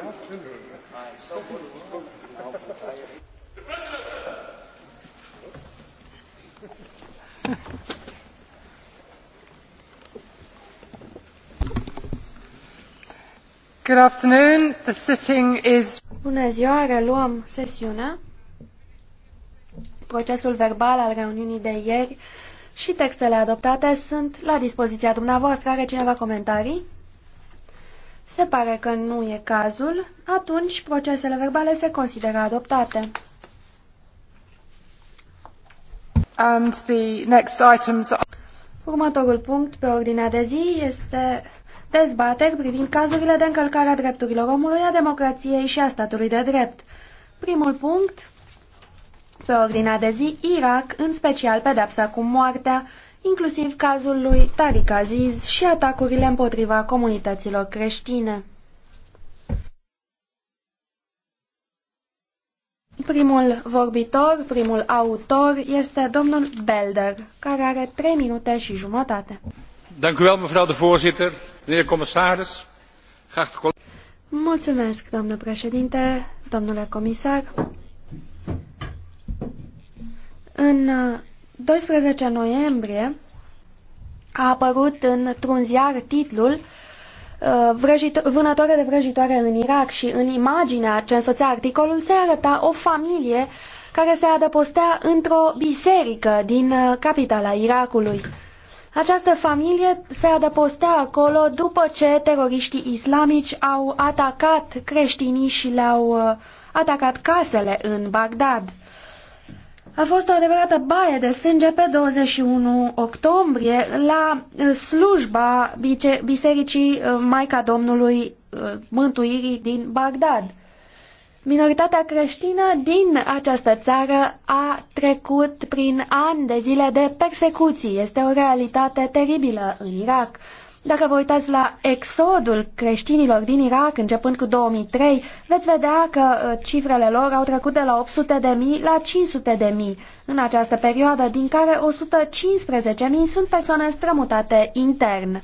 Good afternoon. The sitting is... Bună ziua, reluăm sesiunea. Procesul verbal al reuniunii de ieri și textele adoptate sunt la dispoziția dumneavoastră. Are cineva comentarii? Se pare că nu e cazul, atunci procesele verbale se consideră adoptate. And the next items... Următorul punct pe ordinea de zi este dezbateri privind cazurile de încălcare a drepturilor omului, a democrației și a statului de drept. Primul punct pe ordinea de zi, Irak, în special pedepsa cu moartea, inclusiv cazul lui Tariq Aziz și atacurile împotriva comunităților creștine. Primul vorbitor, primul autor este domnul Belder, care are 3 minute și jumătate. Dank u wel, mevrouw de voorzitter, meneer commissaris, geachte Mulțumesc, doamnă președinte, domnule comisar. În 12 noiembrie a apărut într-un ziar titlul uh, Vânătoare de vrăjitoare în Irak și în imaginea ce însoțea articolul se arăta o familie care se adăpostea într-o biserică din uh, capitala Irakului. Această familie se adăpostea acolo după ce teroriștii islamici au atacat creștinii și le-au uh, atacat casele în Bagdad. A fost o adevărată baie de sânge pe 21 octombrie la uh, slujba Bisericii uh, Maica Domnului uh, Mântuirii din Bagdad. Minoritatea creștină din această țară a trecut prin ani de zile de persecuții. Este o realitate teribilă în Irak. Dacă vă uitați la exodul creștinilor din Irak începând cu 2003, veți vedea că uh, cifrele lor au trecut de la 800 de mii la 500 de mii în această perioadă, din care 115 mii sunt persoane strămutate intern.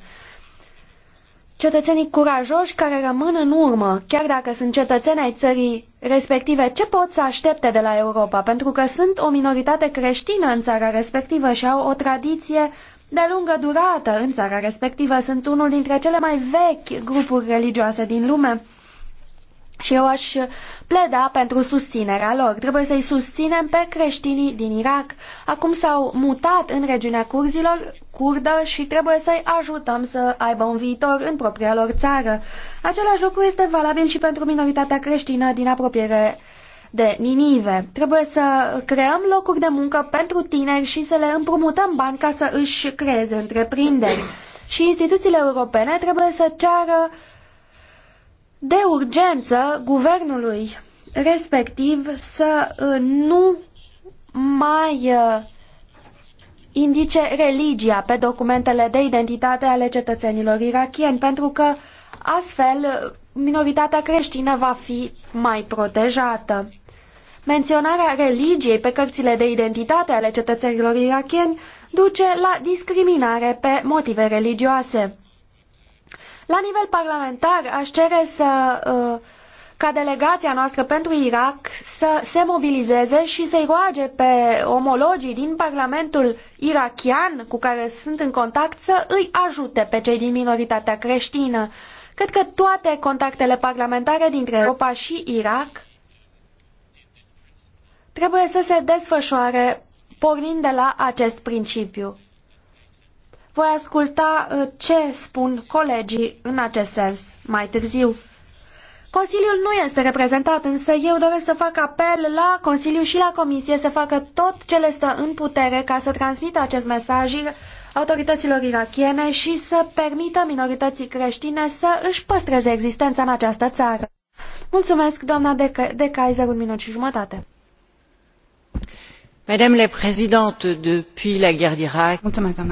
Cetățenii curajoși care rămân în urmă, chiar dacă sunt cetățeni ai țării respective, ce pot să aștepte de la Europa? Pentru că sunt o minoritate creștină în țara respectivă și au o tradiție de lungă durată în țara respectivă. Sunt unul dintre cele mai vechi grupuri religioase din lume și eu aș pleda pentru susținerea lor. Trebuie să-i susținem pe creștinii din Irak. Acum s-au mutat în regiunea curzilor curdă și trebuie să-i ajutăm să aibă un viitor în propria lor țară. Același lucru este valabil și pentru minoritatea creștină din apropiere de Ninive. Trebuie să creăm locuri de muncă pentru tineri și să le împrumutăm bani ca să își creeze întreprinderi. Și instituțiile europene trebuie să ceară de urgență guvernului respectiv să uh, nu mai uh, indice religia pe documentele de identitate ale cetățenilor irakieni, pentru că astfel minoritatea creștină va fi mai protejată. Menționarea religiei pe cărțile de identitate ale cetățenilor irakieni duce la discriminare pe motive religioase. La nivel parlamentar, aș cere să uh, ca delegația noastră pentru Irak să se mobilizeze și să-i roage pe omologii din Parlamentul irakian cu care sunt în contact să îi ajute pe cei din minoritatea creștină. Cred că toate contactele parlamentare dintre Europa și Irak trebuie să se desfășoare pornind de la acest principiu. Voi asculta uh, ce spun colegii în acest sens mai târziu. Consiliul nu este reprezentat, însă eu doresc să fac apel la Consiliu și la Comisie să facă tot ce le stă în putere ca să transmită acest mesaj autorităților irachiene și să permită minorității creștine să își păstreze existența în această țară. Mulțumesc, doamna de, de Kaiser, un minut și jumătate. Madame la Présidente, depuis la guerre d'Irak.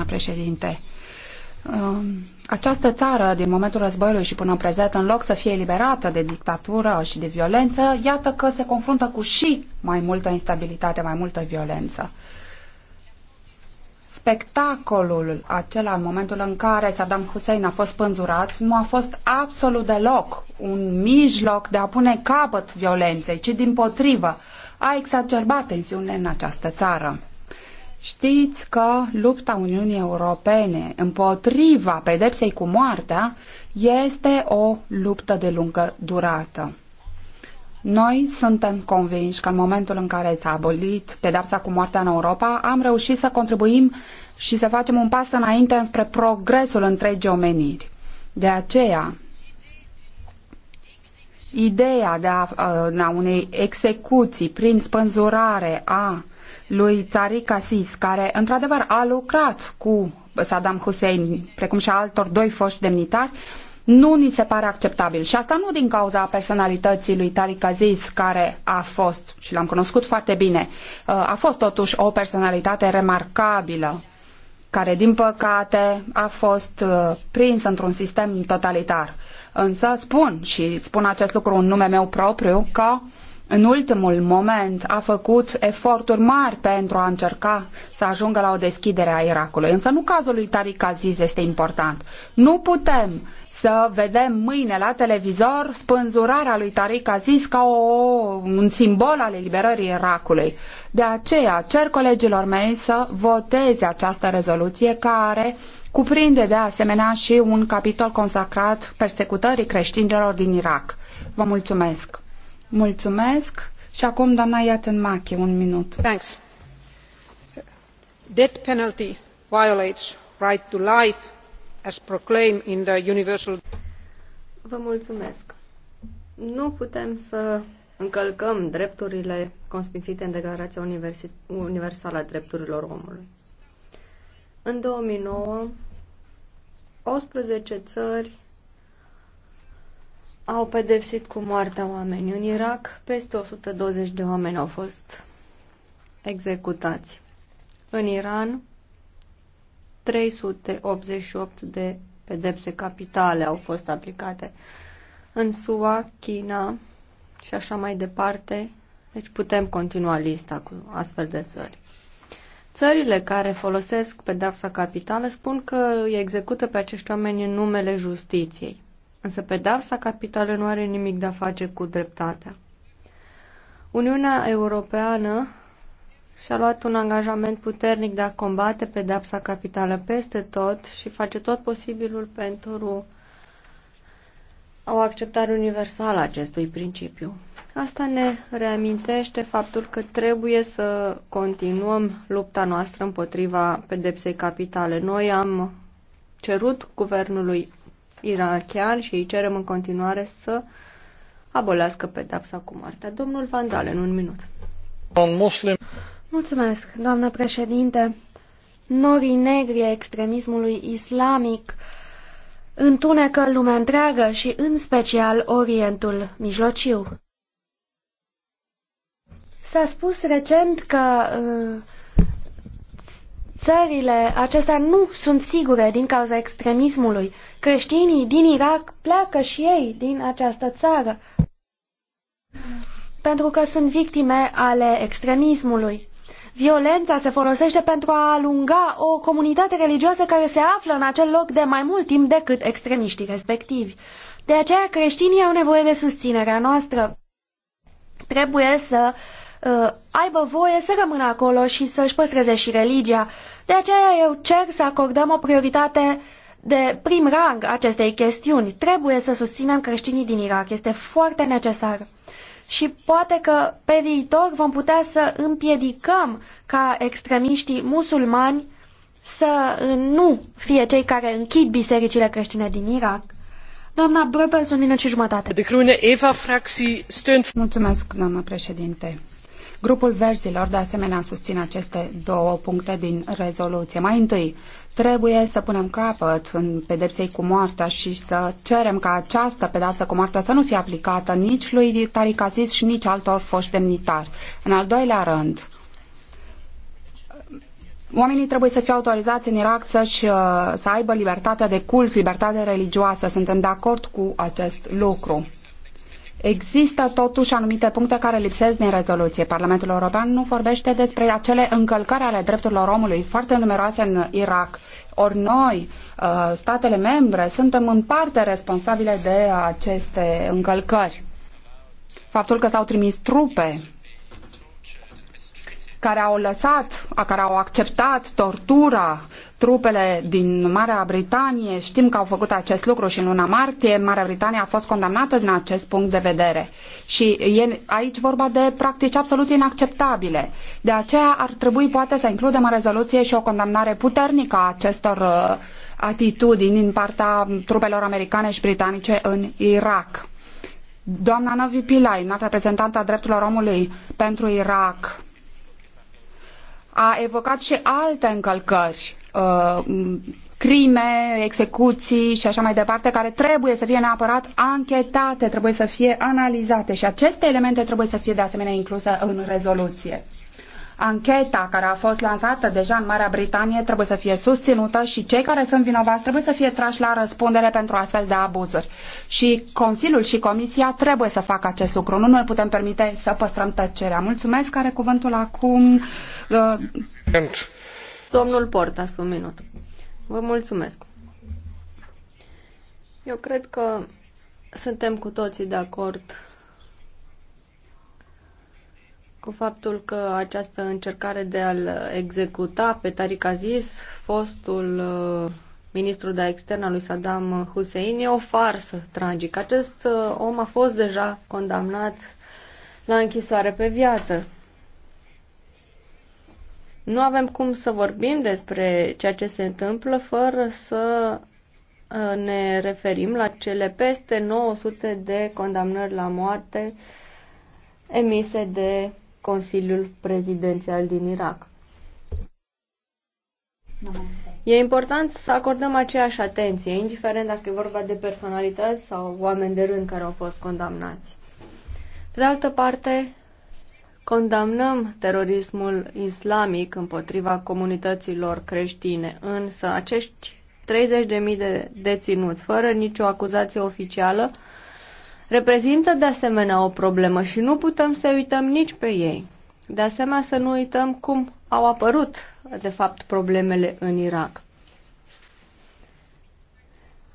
președinte. Um, această țară, din momentul războiului și până în prezent, în loc să fie eliberată de dictatură și de violență, iată că se confruntă cu și mai multă instabilitate, mai multă violență spectacolul acela în momentul în care Saddam Hussein a fost pânzurat nu a fost absolut deloc un mijloc de a pune capăt violenței, ci din potrivă a exacerbat tensiunile în această țară. Știți că lupta Uniunii Europene împotriva pedepsei cu moartea este o luptă de lungă durată. Noi suntem convinși că în momentul în care s-a abolit pedapsa cu moartea în Europa, am reușit să contribuim și să facem un pas înainte înspre progresul întregii omeniri. De aceea, ideea de a, a unei execuții prin spânzurare a lui Tariq Asis, care într-adevăr a lucrat cu Saddam Hussein, precum și a altor doi foști demnitari, nu ni se pare acceptabil. Și asta nu din cauza personalității lui Tariq Aziz, care a fost, și l-am cunoscut foarte bine, uh, a fost totuși o personalitate remarcabilă, care din păcate a fost uh, prins într-un sistem totalitar. Însă spun, și spun acest lucru în nume meu propriu, că în ultimul moment a făcut eforturi mari pentru a încerca să ajungă la o deschidere a Irakului. Însă nu cazul lui Tariq Aziz este important. Nu putem să vedem mâine la televizor spânzurarea lui Tariq Aziz ca o, un simbol al eliberării Irakului. De aceea cer colegilor mei să voteze această rezoluție care cuprinde de asemenea și un capitol consacrat persecutării creștinilor din Irak. Vă mulțumesc! Mulțumesc și acum doamna Machi, un minut. Thanks. Death penalty violates right to life Vă mulțumesc. Nu putem să încălcăm drepturile consfințite în Declarația Universală a Drepturilor Omului. În 2009, 18 țări au pedepsit cu moartea oameni. În Irak, peste 120 de oameni au fost executați. În Iran, 388 de pedepse capitale au fost aplicate. În SUA, China și așa mai departe, deci putem continua lista cu astfel de țări. Țările care folosesc pedepsa capitală spun că îi execută pe acești oameni în numele justiției. Însă pedepsa capitală nu are nimic de a face cu dreptatea. Uniunea Europeană și-a luat un angajament puternic de a combate pedepsa capitală peste tot și face tot posibilul pentru o acceptare universală a acestui principiu. Asta ne reamintește faptul că trebuie să continuăm lupta noastră împotriva pedepsei capitale. Noi am cerut guvernului irachian și îi cerem în continuare să abolească pedepsa cu moartea. Domnul în un minut. Un muslim Mulțumesc, doamnă președinte. Norii negri extremismului islamic întunecă lumea întreagă și în special Orientul Mijlociu. S-a spus recent că uh, țările acestea nu sunt sigure din cauza extremismului. Creștinii din Irak pleacă și ei din această țară pentru că sunt victime ale extremismului. Violența se folosește pentru a alunga o comunitate religioasă care se află în acel loc de mai mult timp decât extremiștii respectivi. De aceea creștinii au nevoie de susținerea noastră. Trebuie să uh, aibă voie să rămână acolo și să-și păstreze și religia. De aceea eu cer să acordăm o prioritate de prim rang acestei chestiuni. Trebuie să susținem creștinii din Irak. Este foarte necesar și poate că pe viitor vom putea să împiedicăm ca extremiștii musulmani să uh, nu fie cei care închid bisericile creștine din Irak. Doamna Brăbel, sunt minut și jumătate. De Grune, Eva, Fraxi, stânt. Mulțumesc, doamna președinte. Grupul Verzilor, de asemenea, susține aceste două puncte din rezoluție. Mai întâi, Trebuie să punem capăt în pedepsei cu moartea și să cerem ca această pedeapsă cu moartea să nu fie aplicată nici lui Tariq Aziz și nici altor foști demnitari. În al doilea rând, Oamenii trebuie să fie autorizați în Irak să-și, uh, să aibă libertatea de cult, libertatea religioasă. Suntem de acord cu acest lucru. Există totuși anumite puncte care lipsesc din rezoluție. Parlamentul European nu vorbește despre acele încălcări ale drepturilor omului foarte numeroase în Irak. Ori noi, uh, statele membre, suntem în parte responsabile de aceste încălcări. Faptul că s-au trimis trupe care au lăsat, care au acceptat tortura, trupele din Marea Britanie, știm că au făcut acest lucru și în luna martie, Marea Britanie a fost condamnată din acest punct de vedere. Și e aici vorba de practici absolut inacceptabile. De aceea ar trebui poate să includem în rezoluție și o condamnare puternică a acestor uh, atitudini din partea trupelor americane și britanice în Irak. Doamna Novi Pillai, înalt reprezentant a drepturilor omului pentru Irak, a evocat și alte încălcări, uh, crime, execuții și așa mai departe, care trebuie să fie neapărat anchetate, trebuie să fie analizate și aceste elemente trebuie să fie de asemenea incluse în rezoluție. Ancheta care a fost lansată deja în Marea Britanie trebuie să fie susținută și cei care sunt vinovați trebuie să fie trași la răspundere pentru astfel de abuzuri. Și Consiliul și Comisia trebuie să facă acest lucru. Nu ne putem permite să păstrăm tăcerea. Mulțumesc. Are cuvântul acum uh... domnul Portas, un minut. Vă mulțumesc. Eu cred că suntem cu toții de acord cu faptul că această încercare de a-l executa pe Tariq Aziz, fostul uh, ministru de externe al lui Saddam Hussein, e o farsă tragică. Acest uh, om a fost deja condamnat la închisoare pe viață. Nu avem cum să vorbim despre ceea ce se întâmplă fără să uh, ne referim la cele peste 900 de condamnări la moarte emise de Consiliul Prezidențial din Irak. E important să acordăm aceeași atenție, indiferent dacă e vorba de personalități sau oameni de rând care au fost condamnați. Pe de altă parte, condamnăm terorismul islamic împotriva comunităților creștine, însă acești 30.000 de deținuți, fără nicio acuzație oficială, reprezintă de asemenea o problemă și nu putem să uităm nici pe ei. De asemenea, să nu uităm cum au apărut, de fapt, problemele în Irak.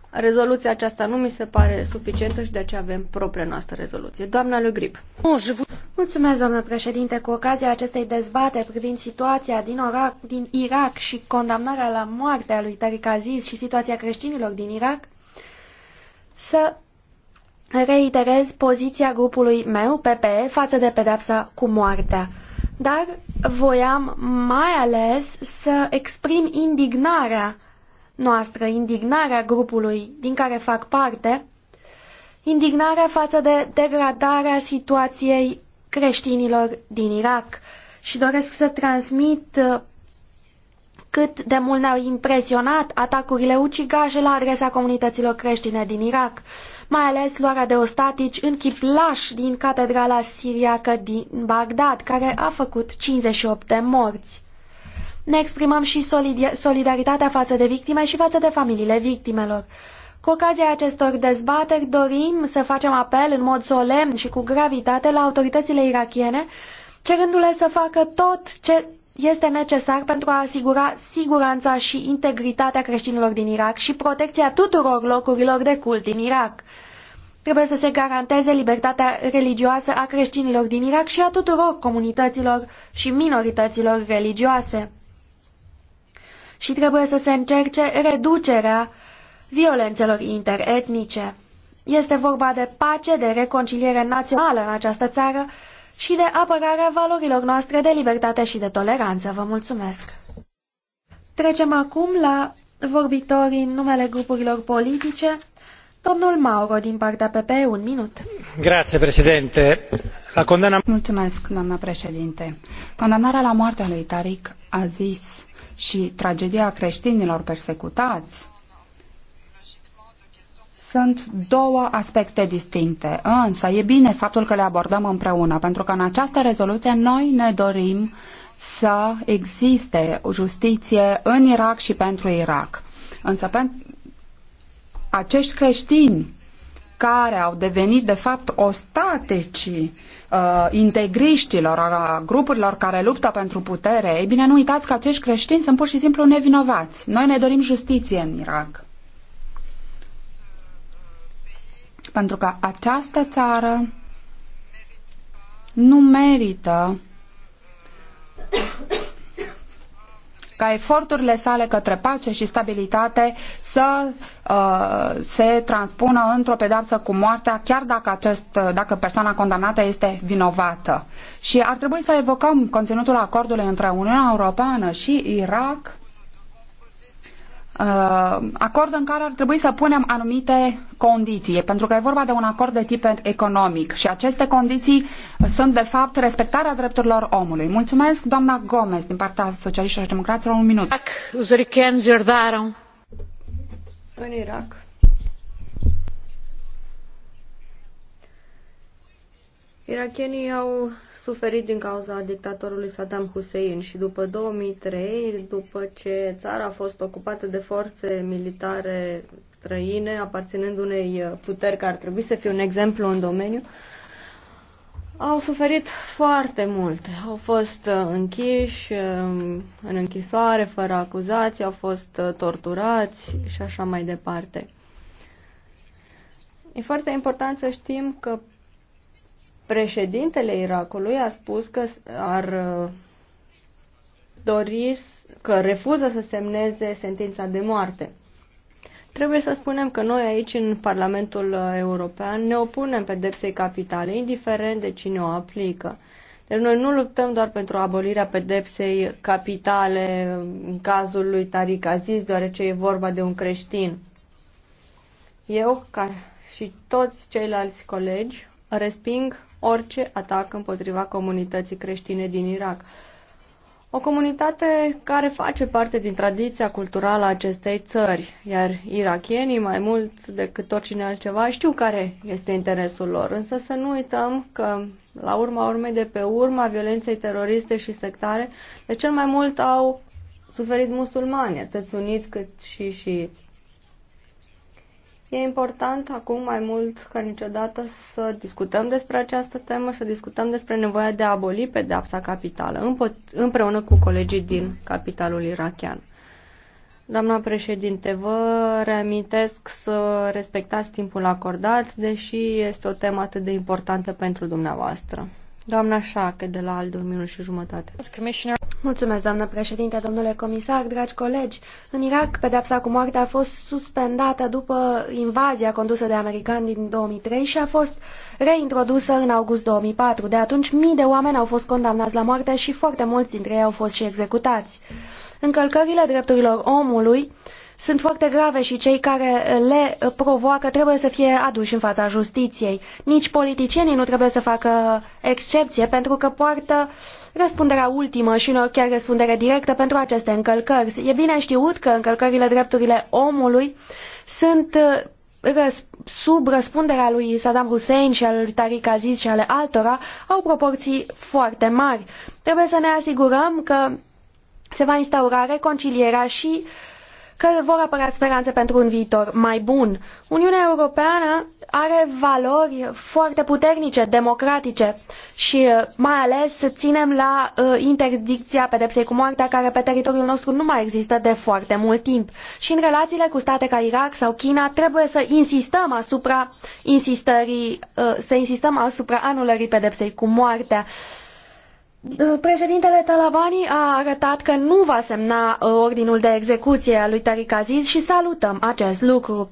Rezoluția aceasta nu mi se pare suficientă și de aceea avem propria noastră rezoluție. Doamna Le Grip. Mulțumesc, doamnă președinte. Cu ocazia acestei dezbate privind situația din, Orac, din Irak și condamnarea la moartea lui Tariq Aziz și situația creștinilor din Irak, să reiterez poziția grupului meu, PPE, față de pedepsa cu moartea. Dar voiam mai ales să exprim indignarea noastră, indignarea grupului din care fac parte, indignarea față de degradarea situației creștinilor din Irak și doresc să transmit uh, cât de mult ne-au impresionat atacurile ucigașe la adresa comunităților creștine din Irak mai ales luarea de ostatici în chiplaș din catedrala siriacă din Bagdad, care a făcut 58 de morți. Ne exprimăm și solidaritatea față de victime și față de familiile victimelor. Cu ocazia acestor dezbateri dorim să facem apel în mod solemn și cu gravitate la autoritățile irakiene, cerându-le să facă tot ce este necesar pentru a asigura siguranța și integritatea creștinilor din Irak și protecția tuturor locurilor de cult din Irak. Trebuie să se garanteze libertatea religioasă a creștinilor din Irak și a tuturor comunităților și minorităților religioase. Și trebuie să se încerce reducerea violențelor interetnice. Este vorba de pace, de reconciliere națională în această țară și de apărarea valorilor noastre de libertate și de toleranță. Vă mulțumesc! Trecem acum la vorbitorii în numele grupurilor politice. Domnul Mauro, din partea PP, un minut. Grație, președinte. La condamna... Mulțumesc, doamna președinte. Condamnarea la moarte lui lui a Aziz și tragedia creștinilor persecutați sunt două aspecte distincte, însă e bine faptul că le abordăm împreună, pentru că în această rezoluție noi ne dorim să existe o justiție în Irak și pentru Irak. Însă pentru acești creștini care au devenit de fapt ostatecii uh, integriștilor, a grupurilor care luptă pentru putere, ei bine, nu uitați că acești creștini sunt pur și simplu nevinovați. Noi ne dorim justiție în Irak. pentru că această țară nu merită ca eforturile sale către pace și stabilitate să uh, se transpună într-o pedapsă cu moartea, chiar dacă, acest, dacă persoana condamnată este vinovată. Și ar trebui să evocăm conținutul acordului între Uniunea Europeană și Irak Uh, acord în care ar trebui să punem anumite condiții, pentru că e vorba de un acord de tip economic și aceste condiții sunt, de fapt, respectarea drepturilor omului. Mulțumesc, doamna Gomez, din partea Socialiștilor și Democraților, un minut. În Irak, Irakienii au suferit din cauza dictatorului Saddam Hussein și după 2003, după ce țara a fost ocupată de forțe militare străine, aparținând unei uh, puteri care ar trebui să fie un exemplu în domeniu, au suferit foarte mult. Au fost uh, închiși um, în închisoare, fără acuzații, au fost uh, torturați și așa mai departe. E foarte important să știm că Președintele Irakului a spus că ar dori, că refuză să semneze sentința de moarte. Trebuie să spunem că noi aici, în Parlamentul European, ne opunem pedepsei capitale, indiferent de cine o aplică. Deci noi nu luptăm doar pentru abolirea pedepsei capitale în cazul lui Tariq Aziz, deoarece e vorba de un creștin. Eu, ca și toți ceilalți colegi, resping orice atac împotriva comunității creștine din Irak. O comunitate care face parte din tradiția culturală a acestei țări, iar irakienii, mai mult decât oricine altceva, știu care este interesul lor. Însă să nu uităm că, la urma urmei, de pe urma violenței teroriste și sectare, de cel mai mult au suferit musulmani, atât suniți cât și șiiți. E important acum mai mult ca niciodată să discutăm despre această temă, să discutăm despre nevoia de a aboli pedeapsa capitală împreună cu colegii din capitalul irachian. Doamna președinte, vă reamintesc să respectați timpul acordat, deși este o temă atât de importantă pentru dumneavoastră. Doamna Șache, de la al 2000 și jumătate. Mulțumesc, doamnă președinte, domnule comisar, dragi colegi. În Irak, pedepsa cu moartea a fost suspendată după invazia condusă de americani din 2003 și a fost reintrodusă în august 2004. De atunci, mii de oameni au fost condamnați la moarte și foarte mulți dintre ei au fost și executați. Încălcările drepturilor omului sunt foarte grave și cei care le provoacă trebuie să fie aduși în fața justiției. Nici politicienii nu trebuie să facă excepție pentru că poartă răspunderea ultimă și uneori chiar răspundere directă pentru aceste încălcări. E bine știut că încălcările drepturile omului sunt uh, sub răspunderea lui Saddam Hussein și al lui Tariq Aziz și ale altora au proporții foarte mari. Trebuie să ne asigurăm că se va instaura reconcilierea și uh, că vor apărea speranțe pentru un viitor mai bun. Uniunea Europeană are valori foarte puternice, democratice și uh, mai ales ținem la uh, interdicția pedepsei cu moartea care pe teritoriul nostru nu mai există de foarte mult timp. Și în relațiile cu state ca Irak sau China trebuie să insistăm asupra insistării, uh, să insistăm asupra anulării pedepsei cu moartea. Uh, Președintele Talabani a arătat că nu va semna uh, ordinul de execuție al lui Tariq Aziz și salutăm acest lucru.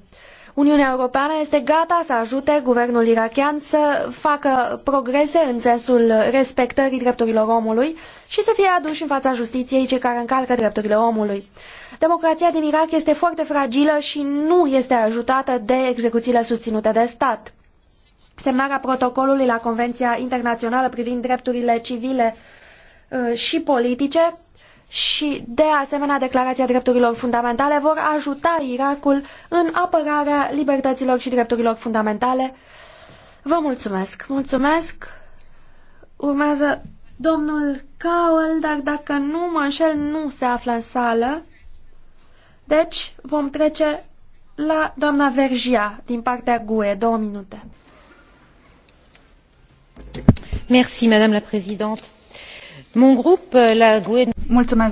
Uniunea Europeană este gata să ajute guvernul irakian să facă progrese în sensul respectării drepturilor omului și să fie aduși în fața justiției cei care încalcă drepturile omului. Democrația din Irak este foarte fragilă și nu este ajutată de execuțiile susținute de stat semnarea protocolului la Convenția Internațională privind drepturile civile uh, și politice și, de asemenea, Declarația Drepturilor Fundamentale vor ajuta Irakul în apărarea libertăților și drepturilor fundamentale. Vă mulțumesc! Mulțumesc! Urmează domnul Cowell, dar dacă nu mă înșel, nu se află în sală. Deci vom trece la doamna Vergia din partea GUE. Două minute. Euh,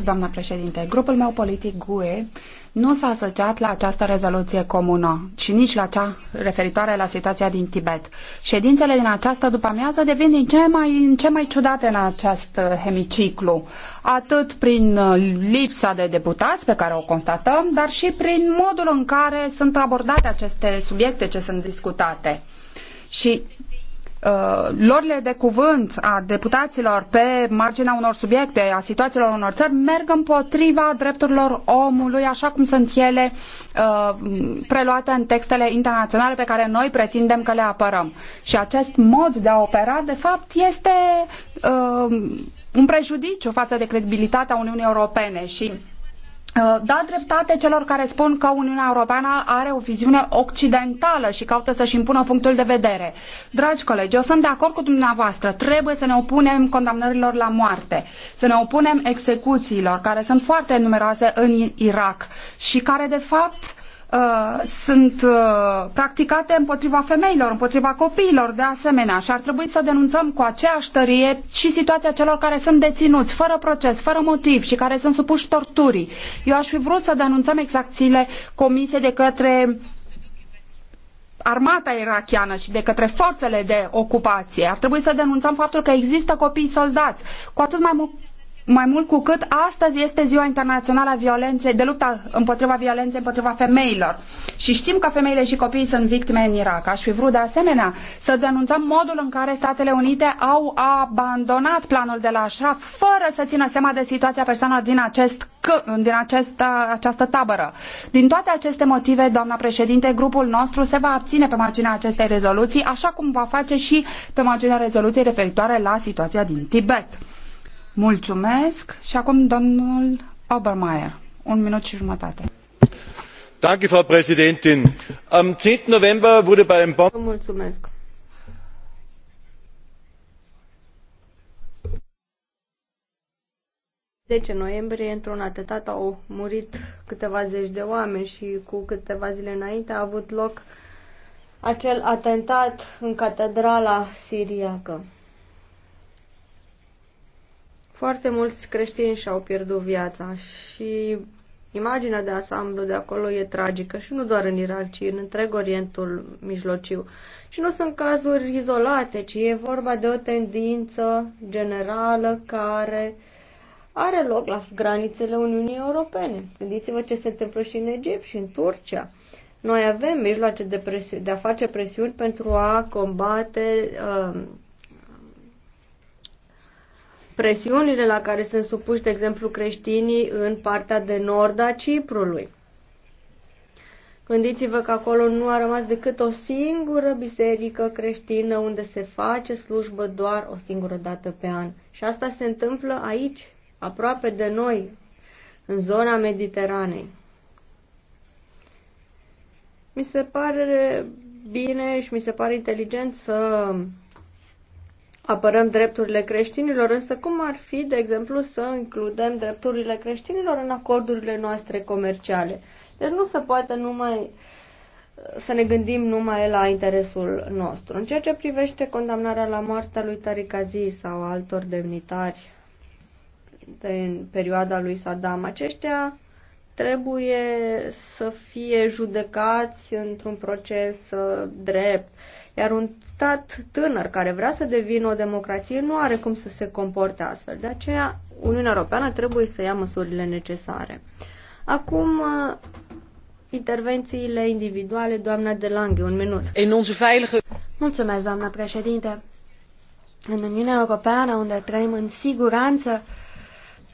doamnă președinte grupul meu politic gue nu s a asociat la această rezoluție comună și nici la cea referitoare la situația din Tibet. Ședințele din această după-amiază devin din ce mai, în ce mai ciudate în acest uh, hemiciclu, atât prin uh, lipsa de deputați pe care o constatăm, dar și prin modul în care sunt abordate aceste subiecte ce sunt discutate. Și uh, lorile de cuvânt a deputaților pe marginea unor subiecte, a situațiilor unor țări, merg împotriva drepturilor omului, așa cum sunt ele uh, preluate în textele internaționale pe care noi pretindem că le apărăm. Și acest mod de a opera, de fapt, este uh, un prejudiciu față de credibilitatea Uniunii Europene și Uh, da dreptate celor care spun că Uniunea Europeană are o viziune occidentală și caută să-și impună punctul de vedere. Dragi colegi, eu sunt de acord cu dumneavoastră. Trebuie să ne opunem condamnărilor la moarte, să ne opunem execuțiilor, care sunt foarte numeroase în Irak și care, de fapt, Uh, sunt uh, practicate împotriva femeilor, împotriva copiilor de asemenea și ar trebui să denunțăm cu aceeași tărie și situația celor care sunt deținuți fără proces, fără motiv și care sunt supuși torturii. Eu aș fi vrut să denunțăm exacțiile comise de către armata irakiană și de către forțele de ocupație. Ar trebui să denunțăm faptul că există copii soldați, cu atât mai mult mai mult cu cât astăzi este ziua internațională a violenței, de lupta împotriva violenței împotriva femeilor. Și știm că femeile și copiii sunt victime în Irak. Aș fi vrut de asemenea să denunțăm modul în care Statele Unite au abandonat planul de la Ashraf fără să țină seama de situația persoanelor din, acest, din această, această tabără. Din toate aceste motive, doamna președinte, grupul nostru se va abține pe marginea acestei rezoluții, așa cum va face și pe marginea rezoluției referitoare la situația din Tibet. Mulțumesc. Și acum domnul Obermeier. Un minut și jumătate. Danke, Frau Präsidentin. Am 10. November wurde bei einem Bomben... Mulțumesc. noiembrie, într-un atentat au murit câteva zeci de oameni și cu câteva zile înainte a avut loc acel atentat în catedrala siriacă. Foarte mulți creștini și-au pierdut viața și imaginea de asamblu de acolo e tragică și nu doar în Irak, ci în întreg Orientul Mijlociu. Și nu sunt cazuri izolate, ci e vorba de o tendință generală care are loc la granițele Uniunii Europene. Gândiți-vă ce se întâmplă și în Egipt și în Turcia. Noi avem mijloace de, presi- de a face presiuni pentru a combate uh, presiunile la care sunt supuși, de exemplu, creștinii în partea de nord a Ciprului. Gândiți-vă că acolo nu a rămas decât o singură biserică creștină unde se face slujbă doar o singură dată pe an. Și asta se întâmplă aici, aproape de noi, în zona Mediteranei. Mi se pare bine și mi se pare inteligent să apărăm drepturile creștinilor, însă cum ar fi, de exemplu, să includem drepturile creștinilor în acordurile noastre comerciale? Deci nu se poate numai să ne gândim numai la interesul nostru. În ceea ce privește condamnarea la moartea lui Tariq Aziz sau altor demnitari din perioada lui Saddam, aceștia trebuie să fie judecați într-un proces uh, drept iar un stat tânăr care vrea să devină o democrație nu are cum să se comporte astfel. De aceea, Uniunea Europeană trebuie să ia măsurile necesare. Acum, uh, intervențiile individuale, doamna de Lange, un minut. Mulțumesc, doamna președinte. În Uniunea Europeană, unde trăim în siguranță,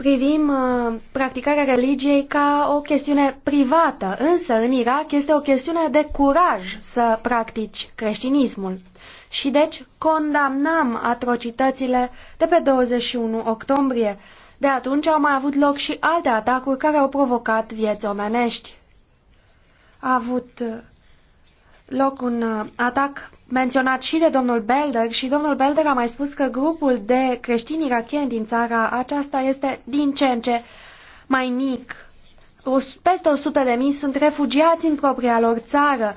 privim uh, practicarea religiei ca o chestiune privată, însă în Irak este o chestiune de curaj să practici creștinismul. Și deci condamnăm atrocitățile de pe 21 octombrie. De atunci au mai avut loc și alte atacuri care au provocat vieți omenești. A avut uh, loc un uh, atac menționat și de domnul Belder și domnul Belder a mai spus că grupul de creștini irakieni din țara aceasta este din ce în ce mai mic. O, peste 100 de mii sunt refugiați în propria lor țară.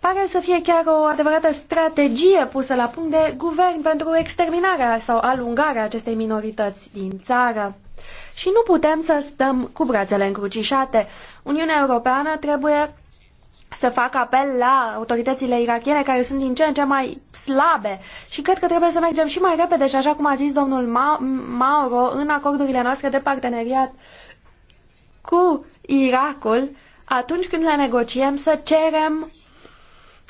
Pare să fie chiar o adevărată strategie pusă la punct de guvern pentru exterminarea sau alungarea acestei minorități din țară. Și nu putem să stăm cu brațele încrucișate. Uniunea Europeană trebuie să fac apel la autoritățile irakiene care sunt din ce în ce mai slabe și cred că trebuie să mergem și mai repede și așa cum a zis domnul Ma Mauro în acordurile noastre de parteneriat cu Irakul, atunci când le negociem să cerem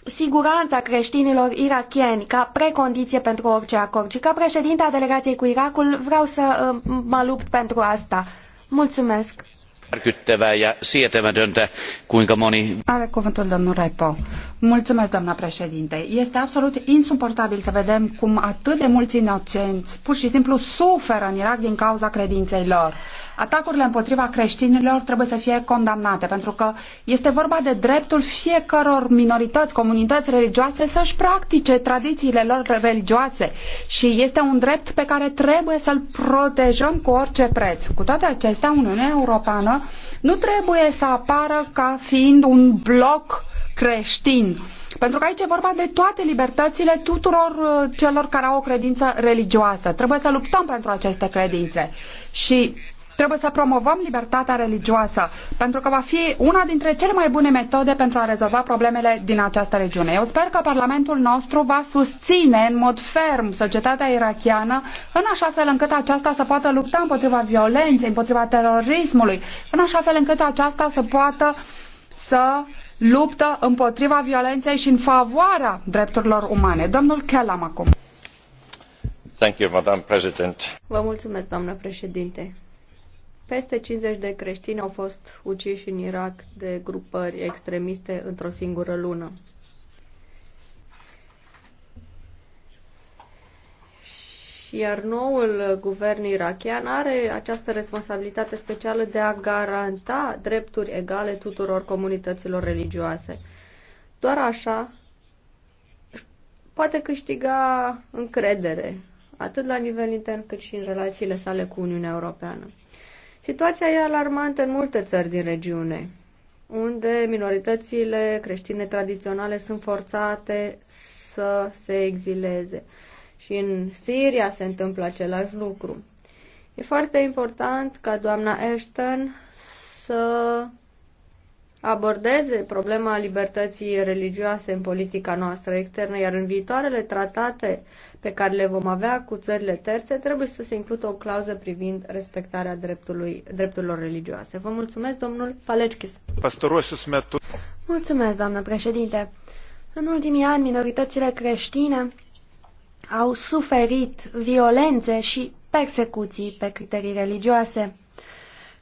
siguranța creștinilor irakieni ca precondiție pentru orice acord. Și ca președinte a delegației cu Irakul vreau să uh, mă lupt pentru asta. Mulțumesc! järkyttävää ja sietämätöntä, kuinka moni... Are cuvântul domnul Repo. Mulțumesc, doamna președinte. Este absolut insuportabil să vedem cum atât de mulți inocenți pur și simplu suferă în Irak din cauza credinței lor. Atacurile împotriva creștinilor trebuie să fie condamnate, pentru că este vorba de dreptul fiecăror minorități, comunități religioase să-și practice tradițiile lor religioase și este un drept pe care trebuie să-l protejăm cu orice preț. Cu toate acestea, Uniunea Europeană nu trebuie să apară ca fiind un bloc creștin. Pentru că aici e vorba de toate libertățile tuturor uh, celor care au o credință religioasă. Trebuie să luptăm pentru aceste credințe. Și Trebuie să promovăm libertatea religioasă, pentru că va fi una dintre cele mai bune metode pentru a rezolva problemele din această regiune. Eu sper că Parlamentul nostru va susține în mod ferm societatea irachiană, în așa fel încât aceasta să poată lupta împotriva violenței, împotriva terorismului, în așa fel încât aceasta să poată să luptă împotriva violenței și în favoarea drepturilor umane. Domnul Kellam acum. Thank you, Madam President. Vă mulțumesc, doamnă președinte. Peste 50 de creștini au fost uciși în Irak de grupări extremiste într-o singură lună. iar noul guvern irachian are această responsabilitate specială de a garanta drepturi egale tuturor comunităților religioase. Doar așa poate câștiga încredere, atât la nivel intern cât și în relațiile sale cu Uniunea Europeană. Situația e alarmantă în multe țări din regiune, unde minoritățile creștine tradiționale sunt forțate să se exileze. Și în Siria se întâmplă același lucru. E foarte important ca doamna Ashton să abordeze problema libertății religioase în politica noastră externă, iar în viitoarele tratate pe care le vom avea cu țările terțe, trebuie să se includă o clauză privind respectarea dreptului, drepturilor religioase. Vă mulțumesc, domnul Palechis. Mulțumesc, doamnă președinte. În ultimii ani, minoritățile creștine au suferit violențe și persecuții pe criterii religioase.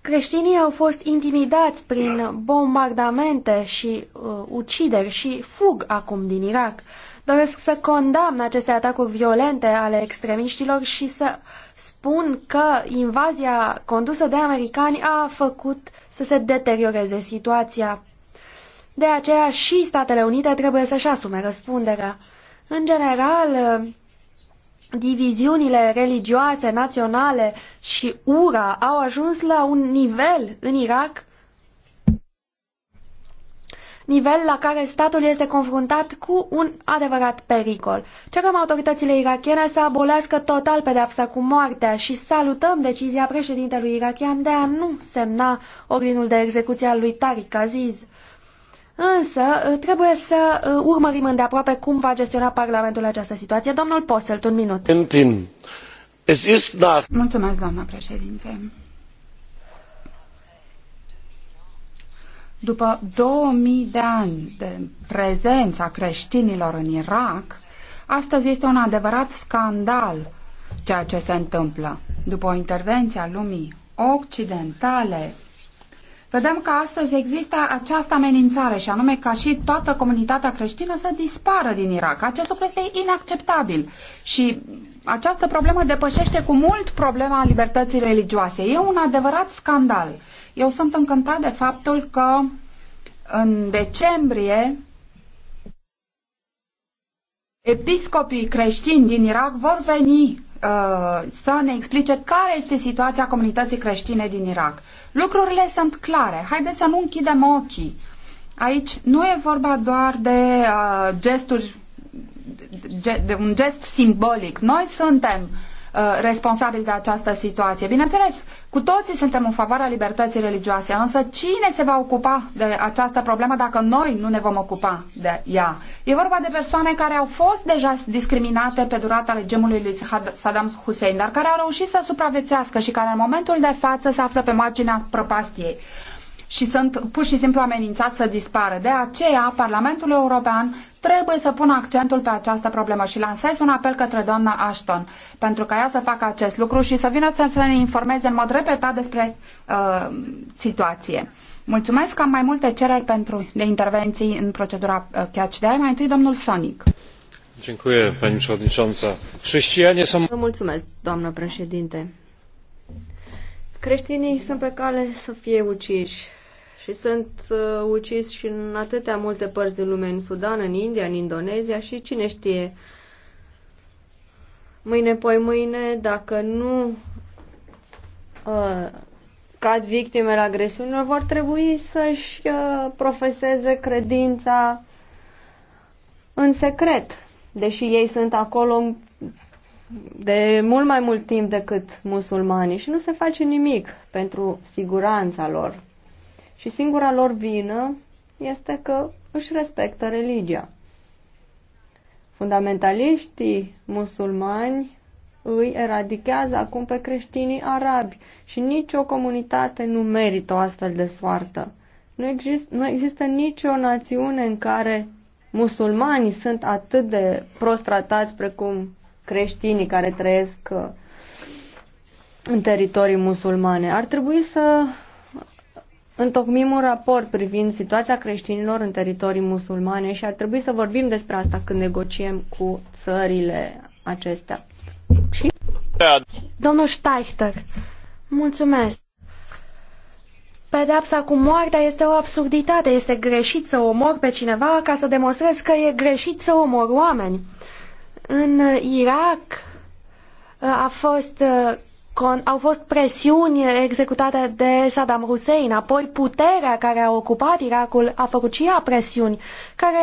Creștinii au fost intimidați prin bombardamente și uh, ucideri și fug acum din Irak. Doresc să condamn aceste atacuri violente ale extremiștilor și să spun că invazia condusă de americani a făcut să se deterioreze situația. De aceea și Statele Unite trebuie să-și asume răspunderea. În general, diviziunile religioase, naționale și ura au ajuns la un nivel în Irak, nivel la care statul este confruntat cu un adevărat pericol. Cerem autoritățile irakiene să abolească total pedeapsa cu moartea și salutăm decizia președintelui irakian de a nu semna ordinul de execuție al lui Tariq Aziz. Însă, ă, trebuie să ă, urmărim îndeaproape cum va gestiona Parlamentul această situație. Domnul Posselt, un minut. Mulțumesc, doamnă președinte. După 2000 de ani de prezența creștinilor în Irak, astăzi este un adevărat scandal ceea ce se întâmplă. După o intervenție a lumii occidentale vedem că astăzi există această amenințare și anume ca și toată comunitatea creștină să dispară din Irak. Acest lucru este inacceptabil și această problemă depășește cu mult problema libertății religioase. E un adevărat scandal. Eu sunt încântat de faptul că în decembrie episcopii creștini din Irak vor veni uh, să ne explice care este situația comunității creștine din Irak. Lucrurile sunt clare. Haideți să nu închidem ochii. Aici nu e vorba doar de uh, gesturi, de, de un gest simbolic. Noi suntem uh, Uh, responsabil responsabili de această situație. Bineînțeles, cu toții suntem în favoarea libertății religioase, însă cine se va ocupa de această problemă dacă noi nu ne vom ocupa de ea? E vorba de persoane care au fost deja discriminate pe durata regimului lui Saddam Hussein, dar care au reușit să supraviețuiască și care în momentul de față se află pe marginea prăpastiei și sunt pur și simplu amenințați să dispară. De aceea, Parlamentul European trebuie să pun accentul pe această problemă și lansez un apel către doamna Ashton pentru ca ea să facă acest lucru și să vină să, ne informeze în mod repetat despre uh, situație. Mulțumesc, am mai multe cereri pentru de intervenții în procedura uh, catch de Mai întâi, domnul Sonic. Dziękuję, pani przewodnicząca. Chrześcijanie są... Mulțumesc, doamnă președinte. Creștinii sunt pe cale să fie uciși și sunt uh, ucis și în atâtea multe părți din lume, în Sudan, în India, în Indonezia și cine știe mâine poi mâine dacă nu uh, cad victimele agresiunilor vor trebui să-și uh, profeseze credința în secret, deși ei sunt acolo de mult mai mult timp decât musulmanii și nu se face nimic pentru siguranța lor. Și singura lor vină este că își respectă religia. Fundamentaliștii musulmani îi eradichează acum pe creștinii arabi și nicio comunitate nu merită o astfel de soartă. Nu, exist, nu există nicio națiune în care musulmanii sunt atât de prostratați precum creștinii care trăiesc uh, în teritorii musulmane. Ar trebui să întocmim un raport privind situația creștinilor în teritorii musulmane și ar trebui să vorbim despre asta când negociem cu țările acestea. Și? Domnul Steichter, mulțumesc. Pedepsa cu moartea este o absurditate. Este greșit să omor pe cineva ca să demonstrez că e greșit să omor oameni. În Irak uh, a fost uh, au fost presiuni executate de Saddam Hussein, apoi puterea care a ocupat Irakul a făcut și ea presiuni, care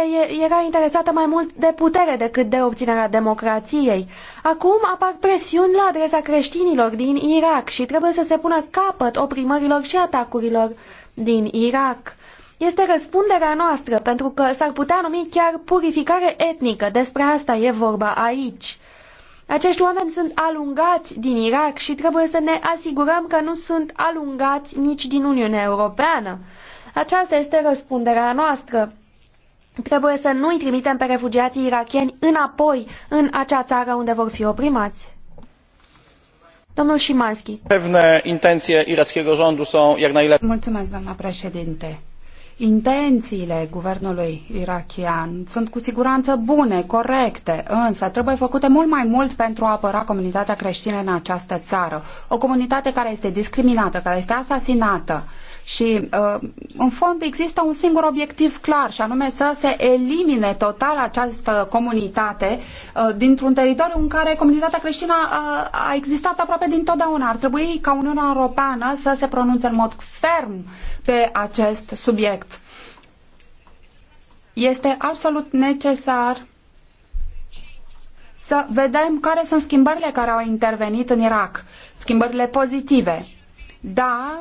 era interesată mai mult de putere decât de obținerea democrației. Acum apar presiuni la adresa creștinilor din Irak și trebuie să se pună capăt oprimărilor și atacurilor din Irak. Este răspunderea noastră, pentru că s-ar putea numi chiar purificare etnică, despre asta e vorba aici. Acești oameni sunt alungați din Irak și trebuie să ne asigurăm că nu sunt alungați nici din Uniunea Europeană. Aceasta este răspunderea noastră. Trebuie să nu-i trimitem pe refugiații irakieni înapoi în acea țară unde vor fi oprimați. Domnul Șimanski. Pewne intenție irackiego rządu są jak najlepiej. Mulțumesc, doamna președinte. Intențiile guvernului irachian sunt cu siguranță bune, corecte, însă trebuie făcute mult mai mult pentru a apăra comunitatea creștină în această țară. O comunitate care este discriminată, care este asasinată și, uh, în fond, există un singur obiectiv clar și anume să se elimine total această comunitate uh, dintr-un teritoriu în care comunitatea creștină uh, a existat aproape dintotdeauna. Ar trebui ca Uniunea Europeană să se pronunțe în mod ferm pe acest subiect. Este absolut necesar să vedem care sunt schimbările care au intervenit în Irak, schimbările pozitive. Dar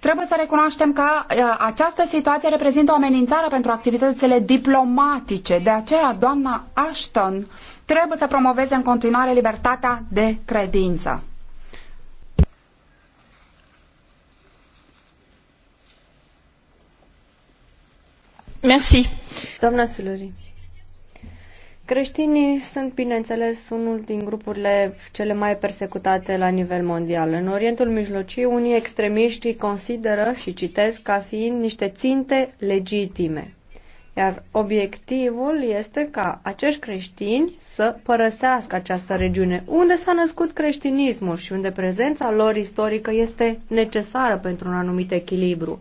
trebuie să recunoaștem că uh, această situație reprezintă o amenințare pentru activitățile diplomatice. De aceea, doamna Ashton trebuie să promoveze în continuare libertatea de credință. Merci. Doamna Creștinii sunt, bineînțeles, unul din grupurile cele mai persecutate la nivel mondial. În Orientul Mijlociu, unii extremiști consideră și citesc ca fiind niște ținte legitime. Iar obiectivul este ca acești creștini să părăsească această regiune, unde s-a născut creștinismul și unde prezența lor istorică este necesară pentru un anumit echilibru.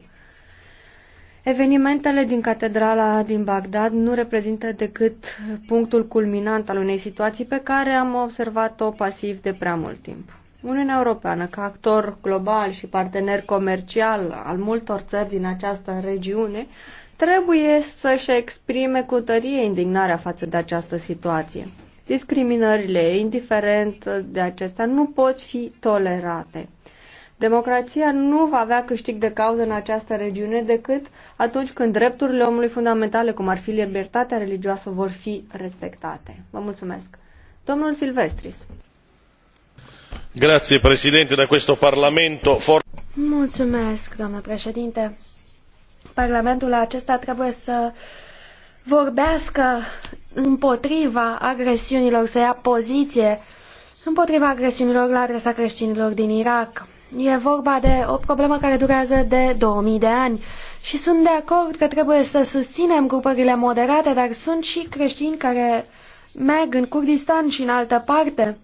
Evenimentele din catedrala din Bagdad nu reprezintă decât punctul culminant al unei situații pe care am observat-o pasiv de prea mult timp. Uniunea Europeană, ca actor global și partener comercial al multor țări din această regiune, trebuie să-și exprime cu tărie indignarea față de această situație. Discriminările, indiferent de acestea, nu pot fi tolerate. Democrația nu va avea câștig de cauză în această regiune decât atunci când drepturile omului fundamentale, cum ar fi libertatea religioasă, vor fi respectate. Vă mulțumesc. Domnul Silvestris. Grazie, președinte, de acest parlament. For... Mulțumesc, doamnă președinte. Parlamentul acesta trebuie să vorbească împotriva agresiunilor, să ia poziție împotriva agresiunilor la adresa creștinilor din Irak. E vorba de o problemă care durează de 2000 de ani și sunt de acord că trebuie să susținem grupările moderate, dar sunt și creștini care merg în Kurdistan și în altă parte.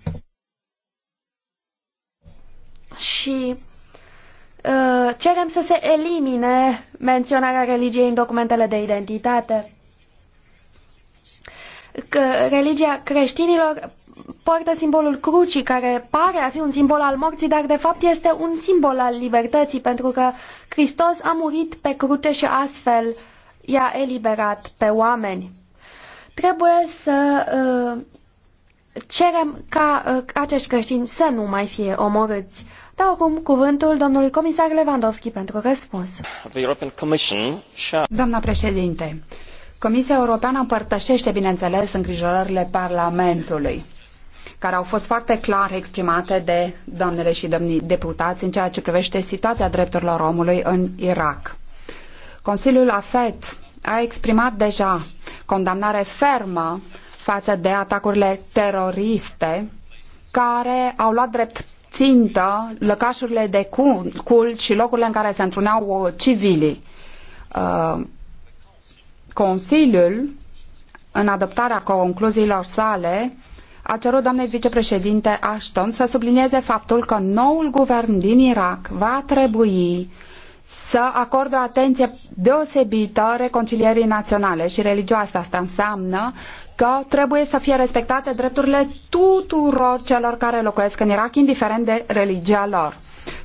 Și uh, cerem să se elimine menționarea religiei în documentele de identitate. Că religia creștinilor poartă simbolul crucii, care pare a fi un simbol al morții, dar de fapt este un simbol al libertății, pentru că Hristos a murit pe cruce și astfel i-a eliberat pe oameni. Trebuie să uh, cerem ca uh, acești creștini să nu mai fie omorâți. Dau acum cuvântul domnului comisar Lewandowski pentru răspuns. Doamna președinte, Comisia Europeană împărtășește, bineînțeles, îngrijorările Parlamentului care au fost foarte clar exprimate de doamnele și domnii deputați în ceea ce privește situația drepturilor omului în Irak. Consiliul AFET a exprimat deja condamnare fermă față de atacurile teroriste care au luat drept țintă lăcașurile de cult și locurile în care se întruneau uh, civilii. Uh, Consiliul, în adoptarea concluziilor sale, a cerut doamnei vicepreședinte Ashton să sublinieze faptul că noul guvern din Irak va trebui să acorde o atenție deosebită reconcilierii naționale și religioase. Asta înseamnă că trebuie să fie respectate drepturile tuturor celor care locuiesc în Irak, indiferent de religia lor.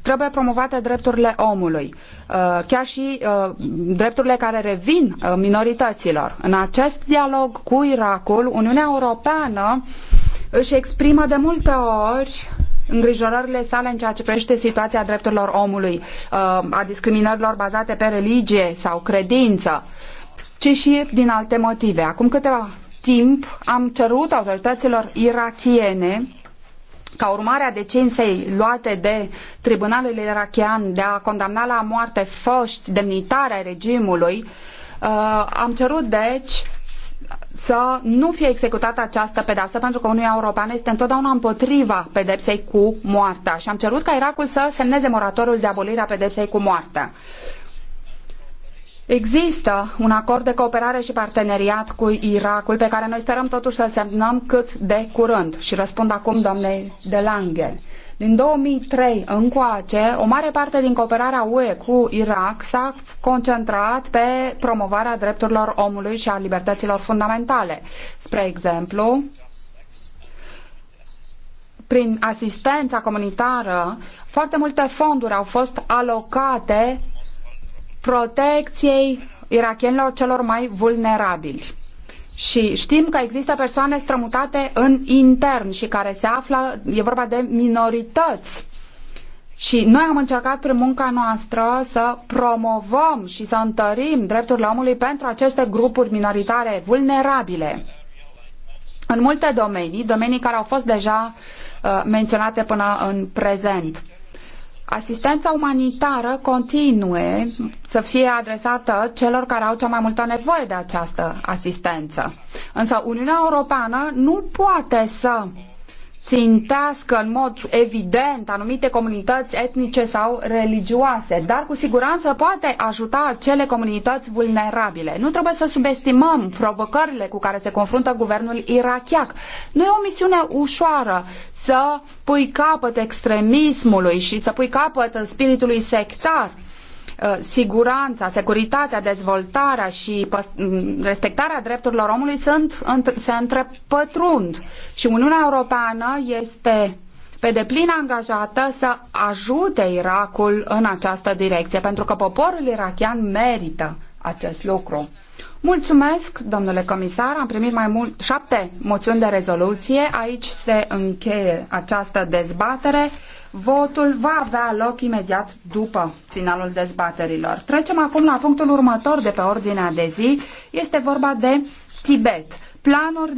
Trebuie promovate drepturile omului, uh, chiar și uh, drepturile care revin uh, minorităților. În acest dialog cu Irakul, Uniunea Europeană își exprimă de multe ori îngrijorările sale în ceea ce privește situația drepturilor omului, uh, a discriminărilor bazate pe religie sau credință, ci și din alte motive. Acum câteva timp am cerut autorităților irachiene ca urmare a decinței luate de tribunalul irachian de a condamna la moarte foști demnitari ai regimului, uh, am cerut deci să nu fie executată această pedeapsă, pentru că Uniunea Europeană este întotdeauna împotriva pedepsei cu moartea. Și am cerut ca Irakul să semneze moratoriul de abolire a pedepsei cu moartea. Există un acord de cooperare și parteneriat cu Irakul pe care noi sperăm totuși să-l semnăm cât de curând. Și răspund acum doamnei de Lange. Din 2003 încoace, o mare parte din cooperarea UE cu Irak s-a concentrat pe promovarea drepturilor omului și a libertăților fundamentale. Spre exemplu, prin asistența comunitară, foarte multe fonduri au fost alocate protecției irakienilor celor mai vulnerabili. Și știm că există persoane strămutate în intern și care se află, e vorba de minorități. Și noi am încercat prin munca noastră să promovăm și să întărim drepturile omului pentru aceste grupuri minoritare vulnerabile în multe domenii, domenii care au fost deja uh, menționate până în prezent asistența umanitară continue să fie adresată celor care au cea mai multă nevoie de această asistență. Însă Uniunea Europeană nu poate să țintească în mod evident anumite comunități etnice sau religioase, dar cu siguranță poate ajuta acele comunități vulnerabile. Nu trebuie să subestimăm provocările cu care se confruntă guvernul irachiac. Nu e o misiune ușoară să pui capăt extremismului și să pui capăt spiritului sectar uh, siguranța, securitatea, dezvoltarea și mm, respectarea drepturilor omului sunt, se întrepătrund și Uniunea Europeană este pe deplin angajată să ajute Irakul în această direcție, pentru că poporul irachian merită acest lucru. Mulțumesc, domnule comisar. Am primit mai mult șapte moțiuni de rezoluție. Aici se încheie această dezbatere. Votul va avea loc imediat după finalul dezbaterilor. Trecem acum la punctul următor de pe ordinea de zi. Este vorba de Tibet. Planuri